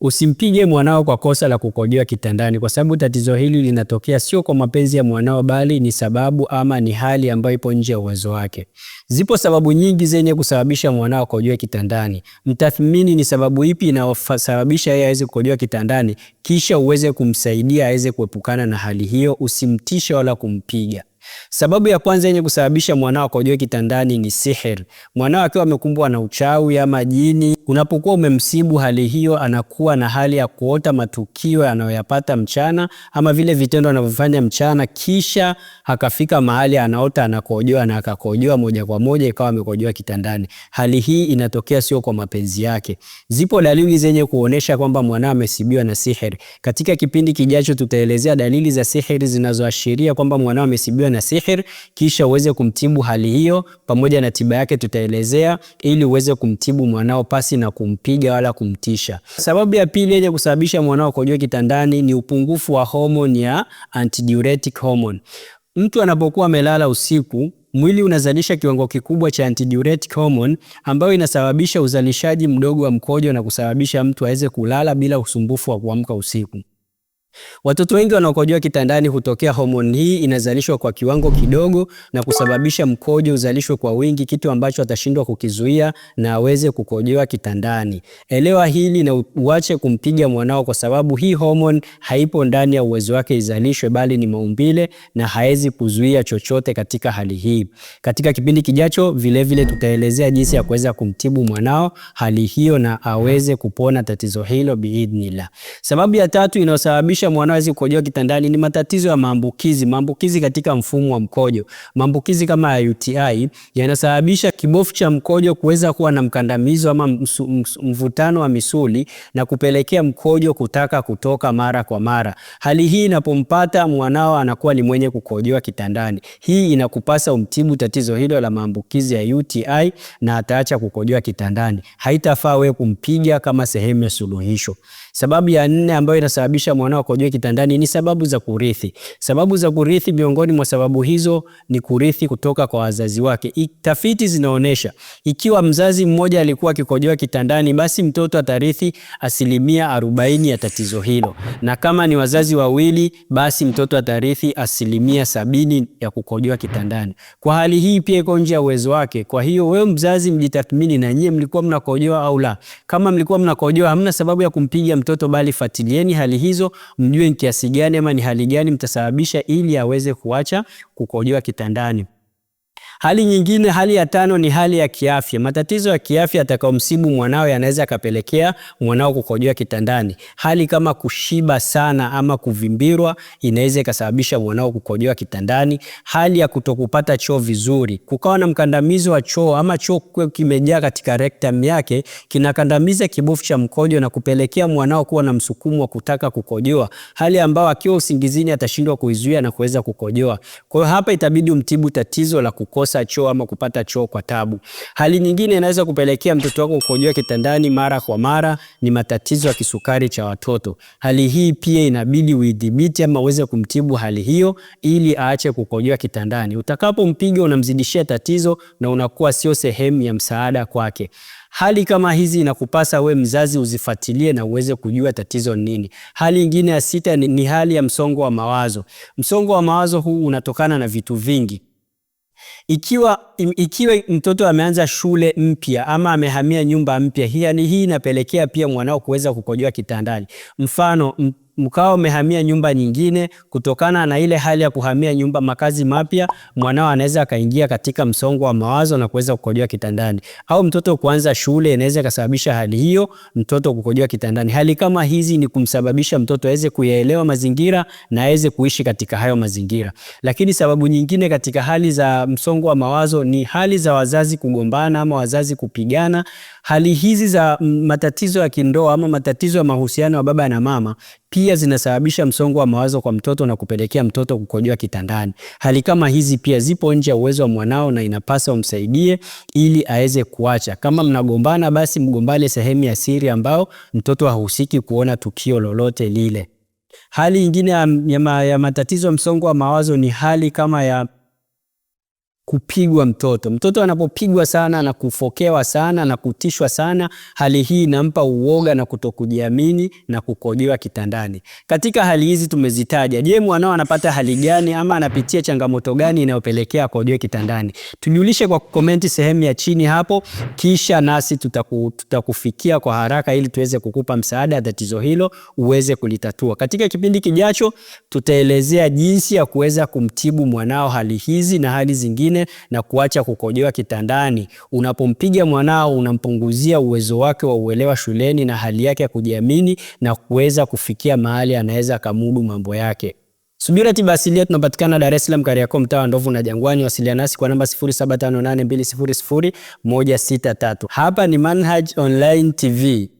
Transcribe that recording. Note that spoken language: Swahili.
Usimpige mwanao kwa kosa la kukojoa kitandani, kwa sababu tatizo hili linatokea sio kwa mapenzi ya mwanao, bali ni sababu ama ni hali ambayo ipo nje ya uwezo wake. Zipo sababu nyingi zenye kusababisha mwanao kukojoa kitandani. Mtathmini ni sababu ipi inayosababisha yeye aweze kukojoa kitandani, kisha uweze kumsaidia aweze kuepukana na hali hiyo. Usimtishe wala kumpiga. Sababu ya kwanza yenye kusababisha mwanao kukojoa kitandani ni sihiri. Mwanao akiwa amekumbwa na uchawi ama jini Unapokuwa umemsibu hali hiyo, anakuwa na hali ya kuota matukio anayoyapata mchana ama vile vitendo anavyofanya mchana, kisha akafika mahali anaota anakojoa na akakojoa moja kwa moja, ikawa amekojoa kitandani. Hali hii inatokea sio kwa mapenzi yake. Zipo dalili zenye kuonesha kwamba mwanao amesibiwa na sihiri. Katika kipindi kijacho, tutaelezea dalili za sihiri zinazoashiria kwamba mwanao amesibiwa na sihiri, kisha uweze kumtibu hali hiyo. Pamoja na tiba yake tutaelezea, ili uweze kumtibu mwanao pasi na kumpiga wala kumtisha. Sababu ya pili yenye kusababisha mwanao kukojoa kitandani ni upungufu wa homoni ya antidiuretic hormone. Mtu anapokuwa amelala usiku mwili unazalisha kiwango kikubwa cha antidiuretic hormone ambayo inasababisha uzalishaji mdogo wa mkojo na kusababisha mtu aweze kulala bila usumbufu wa kuamka usiku. Watoto wengi wanaokojoa kitandani hutokea homoni hii inazalishwa kwa kiwango kidogo na kusababisha mkojo uzalishwe kwa wingi, kitu ambacho atashindwa kukizuia na aweze kukojoa kitandani. Elewa hili na uache kumpiga mwanao, kwa sababu hii homoni haipo ndani ya uwezo wake izalishwe, bali ni maumbile na haezi kuzuia chochote katika hali hii. Katika kipindi kijacho, vilevile tutaelezea jinsi ya kuweza kumtibu mwanao hali hiyo na aweze kupona tatizo hilo biidhnillah. Sababu ya tatu inayosababisha kumsababisha mwanawe si kukojoa kitandani ni matatizo ya maambukizi, maambukizi katika mfumo wa mkojo. Maambukizi kama ya UTI yanasababisha kibofu cha mkojo kuweza kuwa na mkandamizo ama mvutano wa misuli na kupelekea mkojo kutaka kutoka mara kwa mara. Hali hii inapompata mwanao anakuwa ni mwenye kukojoa kitandani. Hii inakupasa umtibu tatizo hilo la maambukizi ya UTI na ataacha kukojoa kitandani. Haitafaa wewe kumpiga kama sehemu ya suluhisho. Sababu ya nne ambayo inasababisha mwanao akojoe kitandani ni sababu za kurithi. Sababu za kurithi, miongoni mwa sababu hizo ni kurithi kutoka kwa wazazi wake. Tafiti zinaonyesha ikiwa mzazi mmoja alikuwa akikojoa kitandani, basi mtoto atarithi asilimia arobaini ya tatizo hilo, na kama ni wazazi wawili, basi mtoto atarithi asilimia sabini ya kukojoa kitandani. Kwa hali hii pia iko nje ya uwezo wake. Kwa hiyo wewe mzazi, mjitathmini na nyie mlikuwa mnakojoa au la. Kama mlikuwa mnakojoa, hamna sababu ya kumpiga mtoto, bali fatilieni hali hizo, mjue ni kiasi gani ama ni hali gani mtasababisha, ili aweze kuacha kukojoa kitandani. Hali nyingine, hali ya tano ni hali ya kiafya. Matatizo ya kiafya atakayomsibu mwanao yanaweza yakapelekea mwanao kukojoa kitandani. Hali kama kushiba sana ama kuvimbirwa inaweza ikasababisha mwanao kukojoa kitandani. Hali ya kutokupata choo vizuri, kukawa na mkandamizi wa choo ama choo kimejaa katika rectum yake, kinakandamiza kibofu cha mkojo na kupelekea mwanao kuwa na msukumo wa kutaka kukojoa, hali ambayo akiwa usingizini atashindwa kuizuia na kuweza kukojoa. Kwa hiyo hapa itabidi umtibu tatizo la kukosa kukosa choo ama kupata choo kwa tabu. Hali nyingine inaweza kupelekea mtoto wako kukojoa kitandani mara kwa mara ni matatizo ya kisukari cha watoto. Hali hii pia inabidi uidhibiti ama uweze kumtibu hali hiyo ili aache kukojoa kitandani. Utakapompiga unamzidishia tatizo na unakuwa sio sehemu ya msaada kwake. Hali kama hizi inakupasa we mzazi uzifuatilie na uweze kujua tatizo ni nini. Hali ingine ya sita ni, ni hali ya msongo wa mawazo. Msongo wa mawazo huu unatokana na vitu vingi. Ikiwa, ikiwa mtoto ameanza shule mpya ama amehamia nyumba mpya, yani hii inapelekea pia mwanao kuweza kukojoa kitandani. Mfano mkawa umehamia nyumba nyingine. Kutokana na ile hali ya kuhamia nyumba, makazi mapya, mwanao anaweza akaingia katika msongo wa mawazo na kuweza kukojoa kitandani, au mtoto kuanza shule inaweza ikasababisha hali hiyo, mtoto kukojoa kitandani. Hali kama hizi ni kumsababisha mtoto aweze kuyaelewa mazingira na aweze kuishi katika hayo mazingira. Lakini sababu nyingine katika hali za msongo wa mawazo ni hali za wazazi kugombana ama wazazi kupigana. Hali hizi za matatizo ya kindoa ama matatizo ya mahusiano ya baba na mama pia zinasababisha msongo wa mawazo kwa mtoto na kupelekea mtoto kukojoa kitandani. Hali kama hizi pia zipo nje ya uwezo wa mwanao na inapasa umsaidie ili aweze kuacha. Kama mnagombana, basi mgombane sehemu ya siri ambao mtoto hahusiki kuona tukio lolote lile. Hali nyingine ya, ya, ya matatizo ya msongo wa mawazo ni hali kama ya kupigwa mtoto. Mtoto anapopigwa sana na kufokewa sana na kutishwa sana, hali hii inampa uoga na kutokujiamini na kukojewa kitandani. Katika hali hizi tumezitaja, je, mwanao anapata hali gani ama anapitia changamoto gani inayopelekea akojewe kitandani? Tujulishe kwa komenti sehemu ya chini hapo, kisha nasi tutaku, tutakufikia kwa haraka ili tuweze kukupa msaada tatizo hilo uweze kulitatua. Katika kipindi kijacho tutaelezea jinsi ya kuweza kumtibu mwanao hali hizi na hali zingine mwingine na kuacha kukojewa kitandani. Unapompiga mwanao, unampunguzia uwezo wake wa uelewa shuleni na hali yake ya kujiamini na kuweza kufikia mahali anaweza akamudu mambo yake. Subira Tiba Asilia tunapatikana Dar es Salaam, Kariakoo, mtaa wa Ndovu na Jangwani. Wasiliana nasi kwa namba 0758200163. Hapa ni Manhaj Online TV.